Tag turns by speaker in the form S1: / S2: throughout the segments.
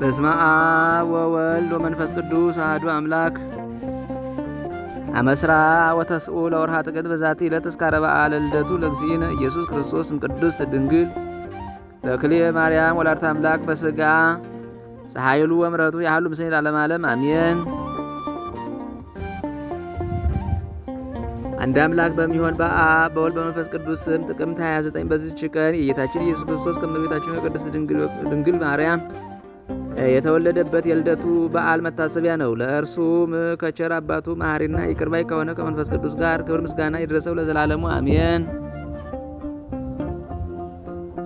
S1: በስመ አብ ወወልድ ወመንፈስ ቅዱስ አህዱ አምላክ አመስራ ወተስኡ ለወርሃ ጥቅምት በዛቲ ዕለት እስከ አርብዓ ለልደቱ ለእግዚእነ ኢየሱስ ክርስቶስ እምቅድስት ድንግል በክልኤ ማርያም ወላዲተ አምላክ በስጋ ፀሐይሉ ወምረቱ ያህሉ ምስሌ ለዓለመ ዓለም አሜን። አንድ አምላክ በሚሆን በአብ በወልድ በመንፈስ ቅዱስ ስም ጥቅምት 29 በዚች ቀን የጌታችን ኢየሱስ ክርስቶስ ከእመቤታችን ከቅድስት ድንግል ማርያም የተወለደበት የልደቱ በዓል መታሰቢያ ነው። ለእርሱም ከቸር አባቱ መሐሪና ይቅርባይ ከሆነ ከመንፈስ ቅዱስ ጋር ክብር ምስጋና ይድረሰው ለዘላለሙ አሜን።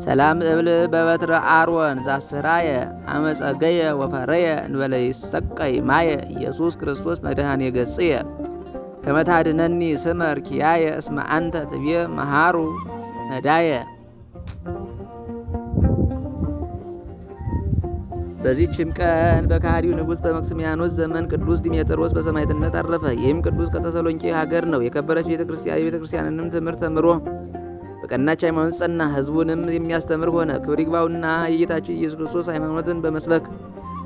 S1: ሰላም እብል በበትረ አርወን ዛስራየ አመጸገየ ወፈረየ እንበለ ይሰቀይ ማየ ኢየሱስ ክርስቶስ መድሃን ገጽየ ከመታድነኒ ስመር ኪያየ እስመ አንተ ትቤ መሃሩ ነዳየ በዚህችም ቀን በካህዲው ንጉሥ በመክስሚያኖስ ዘመን ቅዱስ ዲሜጥሮስ በሰማዕትነት አረፈ። ይህም ቅዱስ ከተሰሎንቄ ሀገር ነው። የከበረች ቤተክርስቲያን የቤተክርስቲያንንም ትምህርት ተምሮ በቀናች ሃይማኖት ጸና። ሕዝቡንም የሚያስተምር ሆነ። ክብር ይግባውና የጌታችን ኢየሱስ ክርስቶስ ሃይማኖትን በመስበክ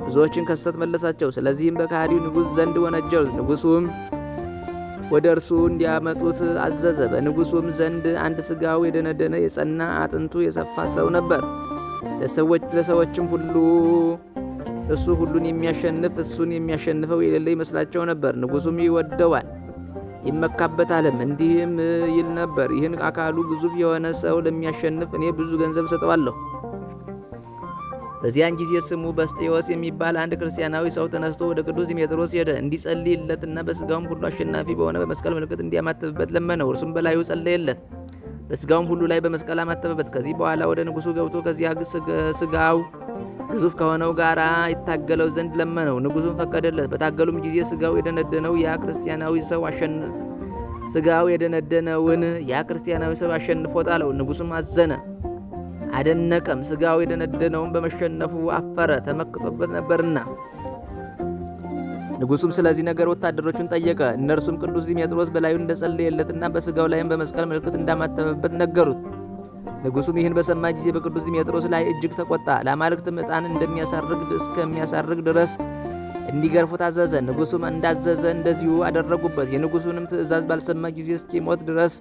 S1: ብዙዎችን ከሰት መለሳቸው። ስለዚህም በካህዲው ንጉሥ ዘንድ ወነጀሉት። ንጉሱም ወደ እርሱ እንዲያመጡት አዘዘ። በንጉሱም ዘንድ አንድ ስጋው የደነደነ የጸና አጥንቱ የሰፋ ሰው ነበር። ለሰዎችም ሁሉ እሱ ሁሉን የሚያሸንፍ እሱን የሚያሸንፈው የሌለ ይመስላቸው ነበር። ንጉሡም ይወደዋል ይመካበታልም። እንዲህም ይል ነበር፣ ይህን አካሉ ግዙፍ የሆነ ሰው ለሚያሸንፍ እኔ ብዙ ገንዘብ እሰጠዋለሁ። በዚያን ጊዜ ስሙ በስጤዎስ የሚባል አንድ ክርስቲያናዊ ሰው ተነስቶ ወደ ቅዱስ ዲሜጥሮስ ሄደ እንዲጸልይለትና በሥጋውም ሁሉ አሸናፊ በሆነ በመስቀል ምልክት እንዲያማትብበት ለመነው። እርሱም በላዩ ጸለየለት። በስጋውም ሁሉ ላይ በመስቀል አማተበበት። ከዚህ በኋላ ወደ ንጉሱ ገብቶ ከዚያ ስጋው ግዙፍ ከሆነው ጋር ይታገለው ዘንድ ለመነው። ንጉሱም ፈቀደለት። በታገሉም ጊዜ ስጋው የደነደነው ያ ክርስቲያናዊ ሰው ስጋው የደነደነውን ያ ክርስቲያናዊ ሰው አሸንፎ ጣለው። ንጉሱም አዘነ፣ አደነቀም። ስጋው የደነደነውን በመሸነፉ አፈረ፣ ተመክቶበት ነበርና ንጉሱም ስለዚህ ነገር ወታደሮቹን ጠየቀ። እነርሱም ቅዱስ ዲሜጥሮስ በላዩ እንደጸለየለትና በስጋው ላይም በመስቀል ምልክት እንዳማተበበት ነገሩት። ንጉሱም ይህን በሰማ ጊዜ በቅዱስ ዲሜጥሮስ ላይ እጅግ ተቆጣ። ለአማልክት ምጣን እንደሚያሳርግ እስከሚያሳርግ ድረስ እንዲገርፉት አዘዘ። ንጉሱም እንዳዘዘ እንደዚሁ አደረጉበት። የንጉሱንም ትእዛዝ ባልሰማ ጊዜ እስኪሞት ድረስ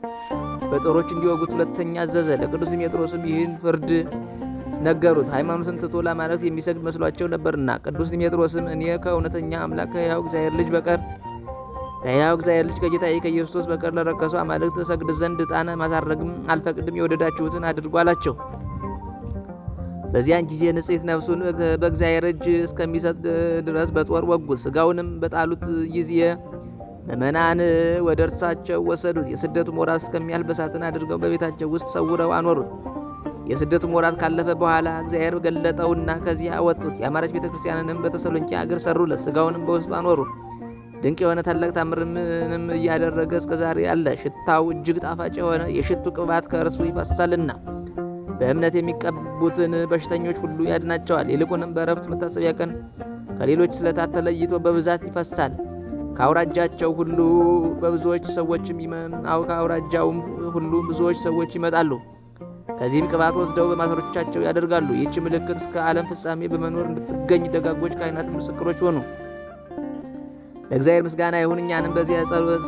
S1: በጦሮች እንዲወጉት ሁለተኛ አዘዘ። ለቅዱስ ዲሜጥሮስም ይህን ፍርድ ነገሩት። ሃይማኖትን ትቶ ለአማልክት የሚሰግድ መስሏቸው ነበርና። ቅዱስ ዲሜጥሮስም እኔ ከእውነተኛ አምላክ ከሕያው እግዚአብሔር ልጅ በቀር ከሕያው እግዚአብሔር ልጅ ከጌታዬ ከኢየሱስ በቀር ለረከሱ አማልክት እሰግድ ዘንድ ዕጣን ማሳረግም አልፈቅድም፣ የወደዳችሁትን አድርጎ አላቸው። በዚያን ጊዜ ንጽሕት ነፍሱን በእግዚአብሔር እጅ እስከሚሰጥ ድረስ በጦር ወጉት። ስጋውንም በጣሉት ጊዜ ምእመናን ወደ እርሳቸው ወሰዱት። የስደቱ ሞራ እስከሚያልፍ በሳጥን አድርገው በቤታቸው ውስጥ ሰውረው አኖሩት። የስደቱም ወራት ካለፈ በኋላ እግዚአብሔር ገለጠውና ከዚያ አወጡት። የአማራች ቤተ ክርስቲያንንም በተሰሎንቄ አገር ሰሩለት፣ ስጋውንም በውስጡ አኖሩ። ድንቅ የሆነ ታላቅ ታምርንም እያደረገ እስከ ዛሬ አለ። ሽታው እጅግ ጣፋጭ የሆነ የሽቱ ቅባት ከእርሱ ይፈሳልና በእምነት የሚቀቡትን በሽተኞች ሁሉ ያድናቸዋል። ይልቁንም በእረፍት መታሰቢያ ቀን ከሌሎች ስለታት ተለይቶ በብዛት ይፈሳል። ከአውራጃቸው ሁሉ በብዙዎች ሰዎችም ከአውራጃውም ሁሉ ብዙዎች ሰዎች ይመጣሉ። ከዚህም ቅባት ወስደው በማሰሮቻቸው ያደርጋሉ። ይህች ምልክት እስከ ዓለም ፍጻሜ በመኖር እንድትገኝ ደጋጎች ካህናት ምስክሮች ሆኑ። ለእግዚአብሔር ምስጋና ይሁን። እኛንም በዚህ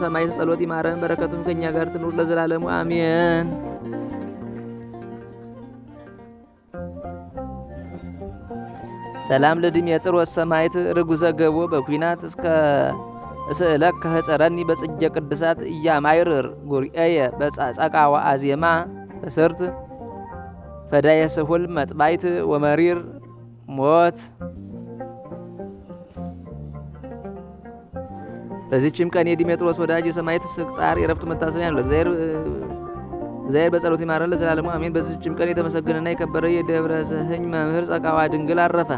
S1: ሰማይ ጸሎት ይማረን፣ በረከቱም ከእኛ ጋር ትኑር ለዘላለሙ አሜን። ሰላም የጥር ወሰማይት ርጉዘ ገቦ በኩናት እስከ እስእለ ከህፀረኒ በጽጌ ቅድሳት እያማይርር ጉርኤየ በጸቃዋ አዜማ በስርት ፈዳይ የስሁል መጥባይት ወመሪር ሞት። በዚህችም ቀን የዲሜጥሮስ ወዳጅ የሰማዕት ስቅጣር የረፍቱ መታሰቢያ ነው። እግዚአብሔር በጸሎት ይማረን ለዘላለሙ አሜን። በዚህችም ቀን የተመሰገነና የከበረ የደብረ ዘህኝ መምህር ጸቃዋ ድንግል አረፈ።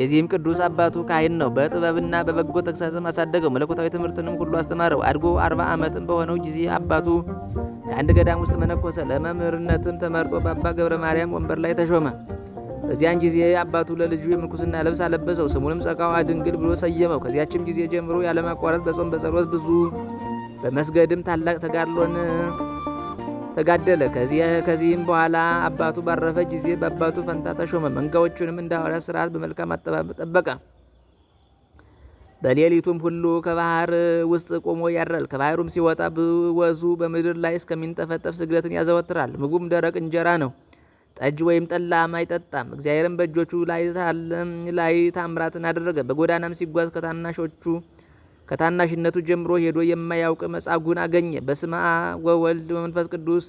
S1: የዚህም ቅዱስ አባቱ ካህን ነው። በጥበብና በበጎ ተግሳጽም አሳደገው። መለኮታዊ ትምህርትንም ሁሉ አስተማረው። አድጎ አርባ ዓመትም በሆነው ጊዜ አባቱ አንድ ገዳም ውስጥ መነኮሰ። ለመምህርነትም ተመርጦ በአባ ገብረ ማርያም ወንበር ላይ ተሾመ። በዚያን ጊዜ አባቱ ለልጁ የምንኩስና ልብስ አለበሰው። ስሙንም ጸጋዋ ድንግል ብሎ ሰየመው። ከዚያችም ጊዜ ጀምሮ ያለማቋረጥ በጾም በጸሎት ብዙ በመስገድም ታላቅ ተጋድሎን ተጋደለ። ከዚህም በኋላ አባቱ ባረፈ ጊዜ በአባቱ ፈንታ ተሾመ። መንጋዎቹንም እንደ ሐዋርያት ስርዓት በመልካም አጠባበቅ ጠበቀ። በሌሊቱም ሁሉ ከባህር ውስጥ ቆሞ ያድራል። ከባህሩም ሲወጣ ብወዙ በምድር ላይ እስከሚንጠፈጠፍ ስግደትን ያዘወትራል። ምግቡም ደረቅ እንጀራ ነው። ጠጅ ወይም ጠላም አይጠጣም። እግዚአብሔርም በእጆቹ ላይ ታምራትን አደረገ። በጎዳናም ሲጓዝ ከታናሾቹ ከታናሽነቱ ጀምሮ ሄዶ የማያውቅ መጻጉን አገኘ። በስመ አብ ወወልድ በመንፈስ ቅዱስ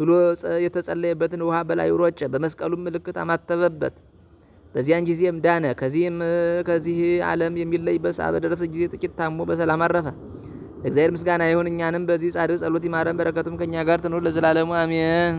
S1: ብሎ የተጸለየበትን ውሃ በላዩ ሮጨ። በመስቀሉም ምልክት አማተበበት። በዚያን ጊዜም ዳነ። ከዚህም ከዚህ ዓለም የሚለይበት ሰዓት በደረሰ ጊዜ ጥቂት ታሞ በሰላም አረፈ። እግዚአብሔር ምስጋና ይሁን። እኛንም በዚህ ጻድቅ ጸሎት ይማረን፣ በረከቱም ከእኛ ጋር ትኑር ለዘላለሙ አሜን።